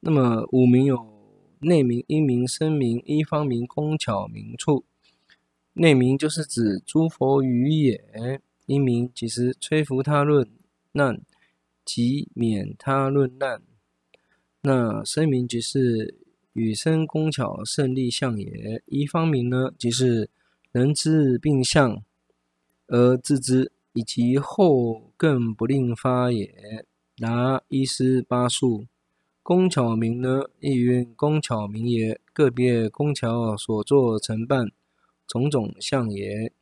那麼五明有內明、因明、聲明、醫方明、工巧明處。內明就是指諸佛語也；因明即是摧伏他論難，即免他論難。那聲明即是與聲工巧勝利相也。醫方明呢，即是能知病相而自知，以及後更不令發也。達一十八數。工巧明呢，亦云工巧明也。個別工巧所作成辦種種相也。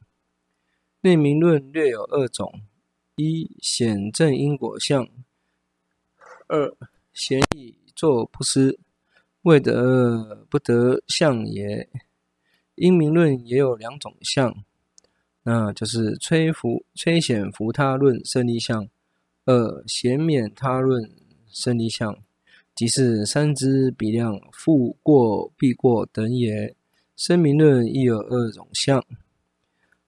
內明論略有二種：一顯正因果相；二顯已作不失，未得不得相也。因明論也有兩種相，那就是摧伏摧顯伏他論勝利相；二顯免他論勝利相。即是三支比量，復過必過等也。聲明論亦有二種相，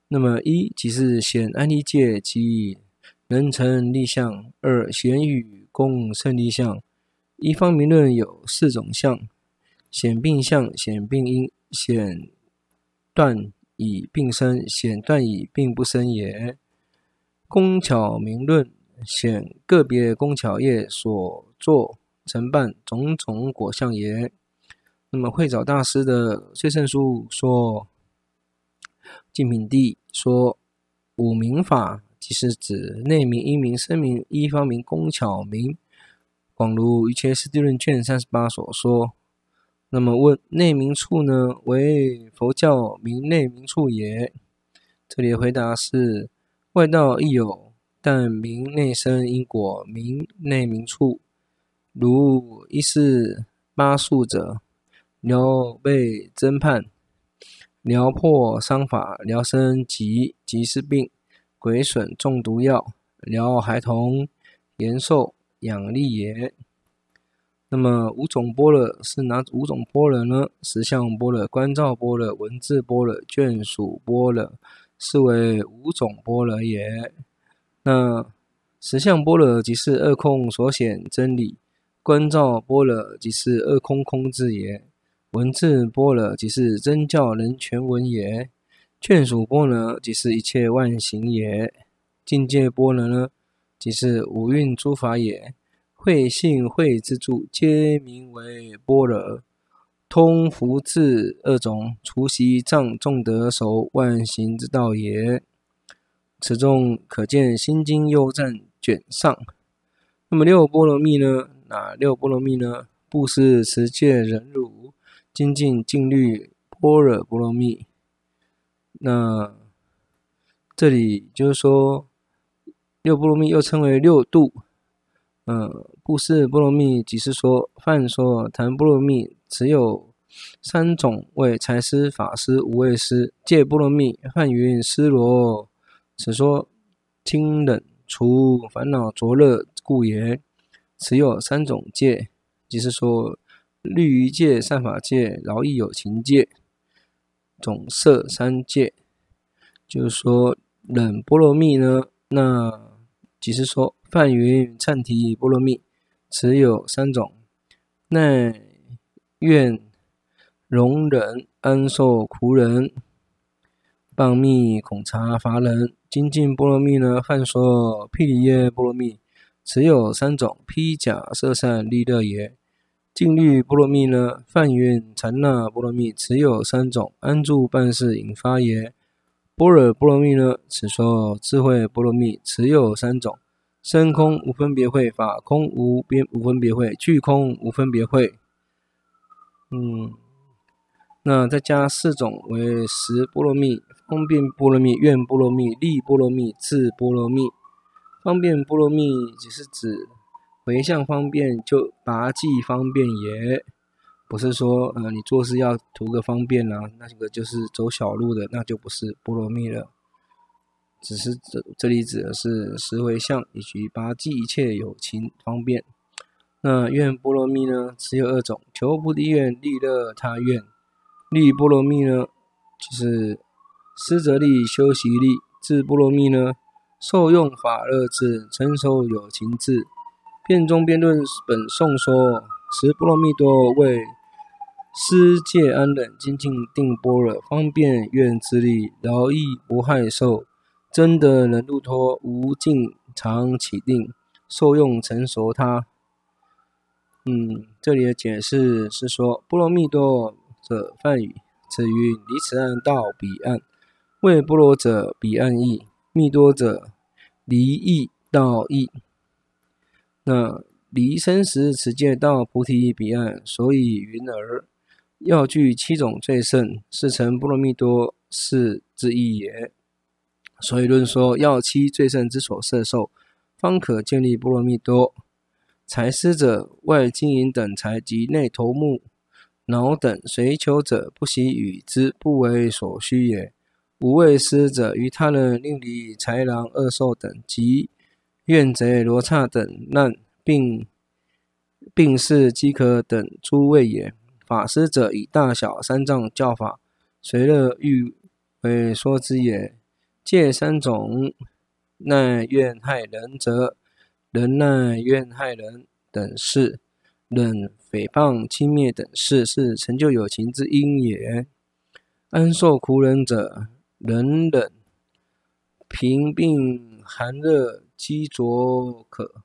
那麼一即是顯安利界及能成立相；二顯與共勝立相。一方明論有四種相：顯病相、顯病因、顯斷以並生、顯斷以並不生也。工巧明論顯個別工巧業所作。成辦種種果相也。那麼慧沼大師的《最勝書》說，淨品帝說五明法，即是指內明、因明、聲明、醫方明、工巧明。廣如《瑜伽師地論》卷三十八所說。那麼問內明處呢？為佛教名內明處也？這裡的回答是：外道亦有，但名內生因果，名內明處。如醫師八術者，療被針判，療破傷法，療身疾疾是病，鬼損中毒藥，療孩童，延壽養力也。那麼五種般若是哪五種般若呢？實相般若、觀照般若、文字般若、眷屬般若。是為五種般若也。那實相般若即是二空所顯真理。觀照般若，即是二空空智也；文字般若，即是真教人全文也；眷屬般若，即是一切萬行也；境界般若呢，即是五蘊諸法也；慧性慧之助，皆名為般若。通福智二種，除習障，眾德熟萬行之道也。此中可見《心經》幽贊卷上。那麼六波羅蜜呢？那六波羅蜜呢？布施、持戒、忍辱、精進禁律、靜慮、般若波羅蜜。那、呃、這裡就是說，六波羅蜜又稱為六度。嗯、呃，布施波羅蜜即是說，梵說檀波羅蜜，此有三種謂：財施、法施、無畏施。戒波羅蜜，梵云屍羅，此說清冷除煩惱濁熱，熱故言。持有三種戒，即是說，律儀戒、善法戒、饒益有情戒，總攝三戒。就是說，忍波羅蜜呢，那即是說，梵云羼提波羅蜜，持有三種：耐怨、容忍、安受苦忍；棒密恐察法忍，精進波羅蜜呢，漢說毗梨耶波羅蜜。持有三種披甲攝善利樂也，靜慮波羅蜜呢？梵云禪那波羅蜜持有三種安住辦事引發也。般若波羅蜜呢？此說智慧波羅蜜持有三種，生空無分別慧，法空無邊無分別慧，俱空無分別慧。嗯，那再加四種為十波羅蜜，方便波羅蜜、願波羅蜜、力波羅蜜、智波羅蜜。方便波羅蜜只是指回向方便，就拔濟方便也。也不是說呃，你做事要圖個方便啊，那個就是走小路的，那就不是波羅蜜了。只是這、呃、這裡指的是十回向以及拔濟一切有情方便。那願波羅蜜呢，只有二種：求菩提願、利樂他願。力波羅蜜呢，就是思擇力、修習力。智波羅蜜呢？受用法二字成熟有情智，辯中邊論本頌說：十波羅蜜多為施戒安忍精進定般若方便願之力饒益不害受，真的能度脫無盡常起定受用成熟他。嗯，這裡的解釋是說，波羅蜜多者梵語，此於離此岸到彼岸，為波羅者彼岸義。密多者，離義到義。那離生死此岸到菩提彼岸，所以云爾。要具七種最勝，是成波羅蜜多是之意也。所以論說要七最勝之所攝受，方可建立波羅蜜多。財施者外金銀等財及內頭目腦等，隨求者不惜與之，不為所需也。無畏施者，於他人令離豺狼惡獸等及怨賊羅剎等難，並病死飢渴等諸位也。法施者，以大小三藏教法隨樂欲為說之也。戒三種耐怨害忍者，忍耐怨害人等事，忍誹謗輕蔑等事，是成就有情之因也。安受苦忍者。忍忍、貧病、寒熱、饑濁渴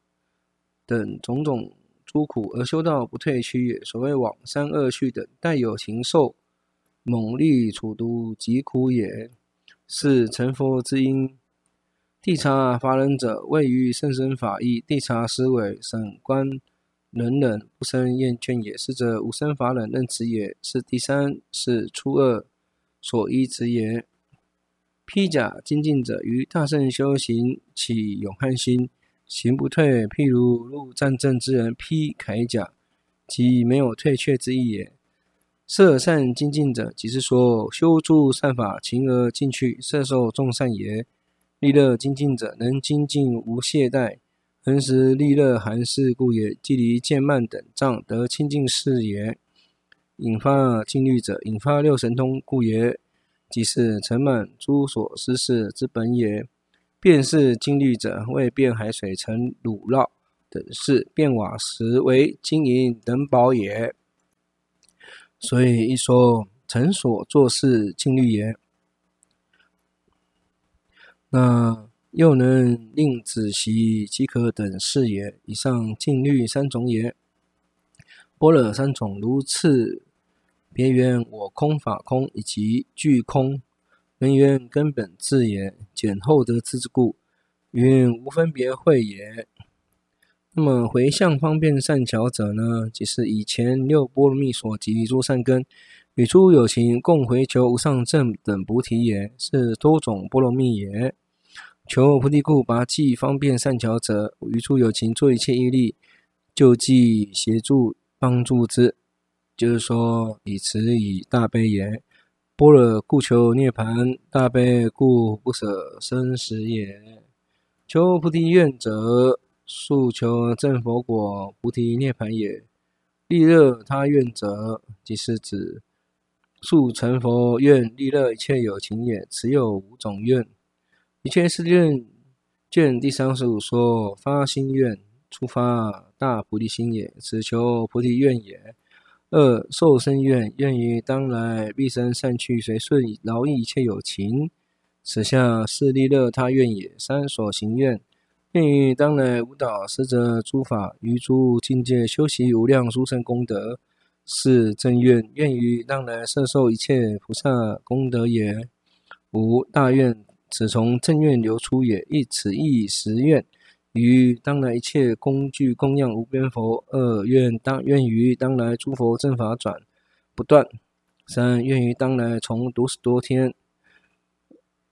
等種種諸苦，而修道不退屈也。所謂往三惡趣等，帶有禽獸猛力處毒疾苦也，是成佛之因。諦察法忍者，謂於甚深法義，諦察思維審觀冷忍不生厭倦也。是者無生法忍任持也。是第三是初二所依執也。披甲精進者，於大聖修行起勇悍心，行不退。譬如入戰陣之人披鎧甲，即沒有退卻之意也。攝善精進者，即是說修諸善法勤而進取，攝受眾善也。利樂精進者，能精進無懈怠，恆時利樂含識故也。即離漸慢等障得清淨事也。引發靜慮者，引發六神通故也。即是成滿諸所施事之本也，便是靜慮者，謂變海水成乳酪等事，變瓦石為金銀等寶也。所以一說成所作事靜慮也，那又能令子息飢渴等事也。以上靜慮三種也，般若三種如次。別緣我空法空以及俱空，能緣根本智也，簡後得智之故，云無分別慧也。那麼回向方便善巧者呢，即是以前六波羅蜜所及諸善根，與諸有情共回求無上正等菩提也，是多種波羅蜜也。求菩提故，拔濟方便善巧者，與諸有情做一切依力，救濟協助幫助之。就是說，以慈以大悲也，般若故求涅槃，大悲故不捨生死也。求菩提願者，速求正佛果，菩提涅槃也。利樂他願者，即是指速成佛願，利樂一切有情也。此有五種願，一切是願，卷第三十五說，發心願，出發大菩提心也，此求菩提願也。二受生願，願於當來畢生善趣隨順饒益一切有情，此下是利樂他願也。三所行願，願於當來無倒施設諸法於諸境界修習無量諸勝功德。四正願，願於當來攝受,受一切菩薩功德也。五大願，此從正願流出也。一此一時願。於當來一切工具供養無邊佛。二願當願於當來諸佛正法轉不斷。三願於當來從兜率多天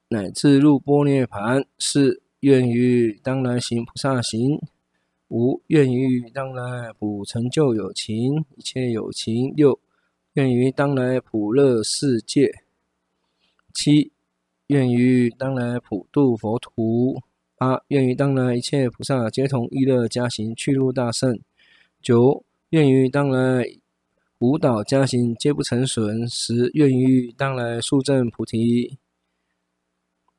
乃至入般涅槃，四願於當來行菩薩行。五願於當來普成就有情一切有情。六願於當來普樂世界。七願於當來普度佛土。八願於當來一切菩薩皆同一意樂加行去入大聖。九願於當來無倒加行皆不成損。十願於當來速證菩提。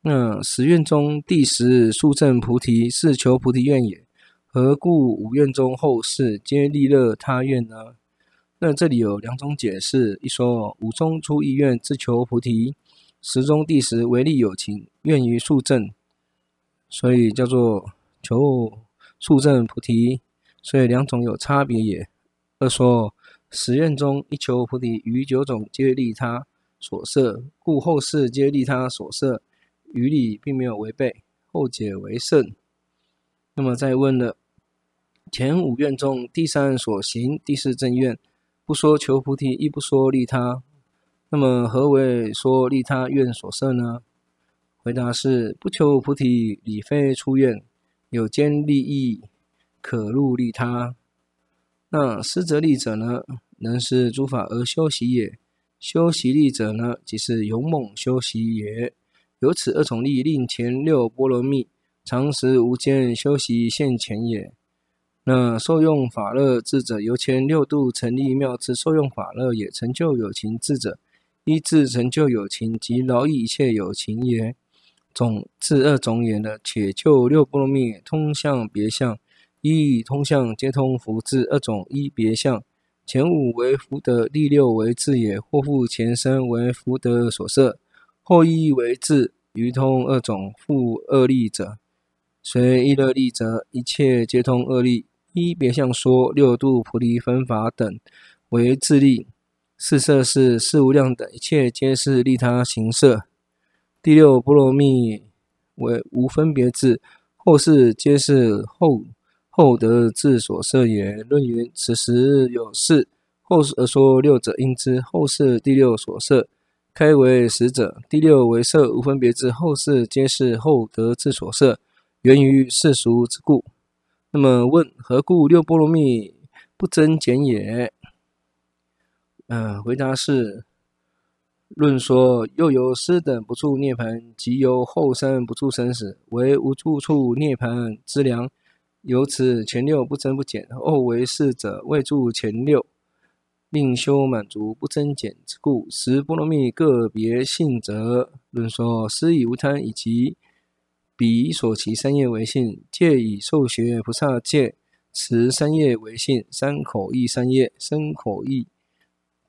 那、嗯、十願中第十速證菩提是求菩提願也。何故五願中後世，皆利樂他願呢？那這裡有兩種解釋。一說五中初一願自求菩提，十中第十唯利有情願於速證。所以叫做求速證菩提，所以兩種有差別也。二說十願中一求菩提，餘九種皆利他所攝，故後世皆利他所攝，於理並沒有違背。後解為勝。那麼再問了，前五願中第三所行，第四正願，不說求菩提，亦不說利他，那麼何為說利他願所攝呢？回答是：不求菩提，理非出願；有兼利益，可入利他。那思擇力者呢？能思擇諸法而修習也；修習力者呢，即是勇猛修習也。由此二種力，令前六波羅蜜常時無間修習現前也。那受用法樂智者，由前六度成立妙智受用法樂也。成就有情智者，依智成就有情，即饒益一切有情也。總自二種也的，且就六波羅蜜通向別相，一通向皆通福智二種，一別相，前五為福德，第六為智也。或復前身為福德所攝，後一為智，餘通二種復二利者，隨一樂利者，一切皆通二利。一別相說六度菩提分法等為自利，四攝事四無量等一切皆是利他行攝。第六波羅蜜為無分別智，後世皆是後後得智所攝也。論云：此時有四後而說六者應之，應知後世第六所攝開為十者，第六為攝，無分別智，後世皆是後得智所攝，源於世俗之故。那麼問：何故六波羅蜜不增減也？嗯、呃，回答是。論說又由師等不住涅槃，即由後生不住生死，為無住處，處涅槃之量。由此前六不增不減，後為四者未住前六，令修滿足不增減之故。十波羅蜜個別性則論說施以無貪以及彼所起三業為性，戒以受學菩薩戒持三業為性，身口意三業身口意。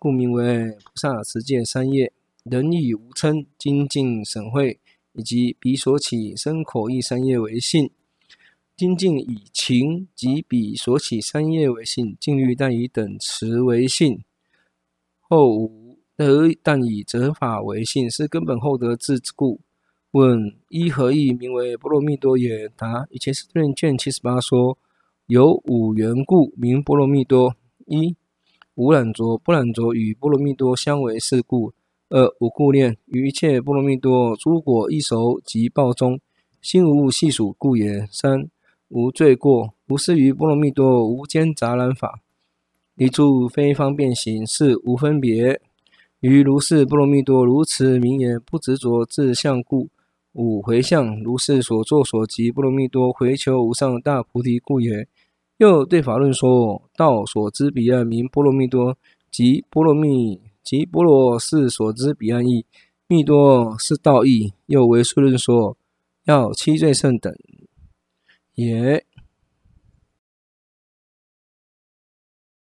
故名為菩薩持戒三業，人以無瞋精進審慧，以及彼所起身口意三業為性，精進以情及彼所起三業為性，靜慮但以等持為性。後五得但以擇法為性，是根本後得智故。問以何義名為波羅蜜多也？答：瑜伽師地論卷七十八說，有五緣故名波羅蜜多。一無染着，不染着，與波羅蜜多相為是故；二無顧念，於一切波羅蜜多諸果異熟及報中。心無物繫屬故也；三無罪過，無失於波羅蜜多，無間雜染法；一諸非方便行事，是無分別；於如是波羅蜜多，如此名言不執着自相故；五回向如是所作所及，波羅蜜多回求無上大菩提故也。又對法論說道：“所知彼岸名波羅蜜多，即波羅蜜，即波羅是所知彼岸義，蜜多是道義。”又為數論說：“要七罪勝等也。”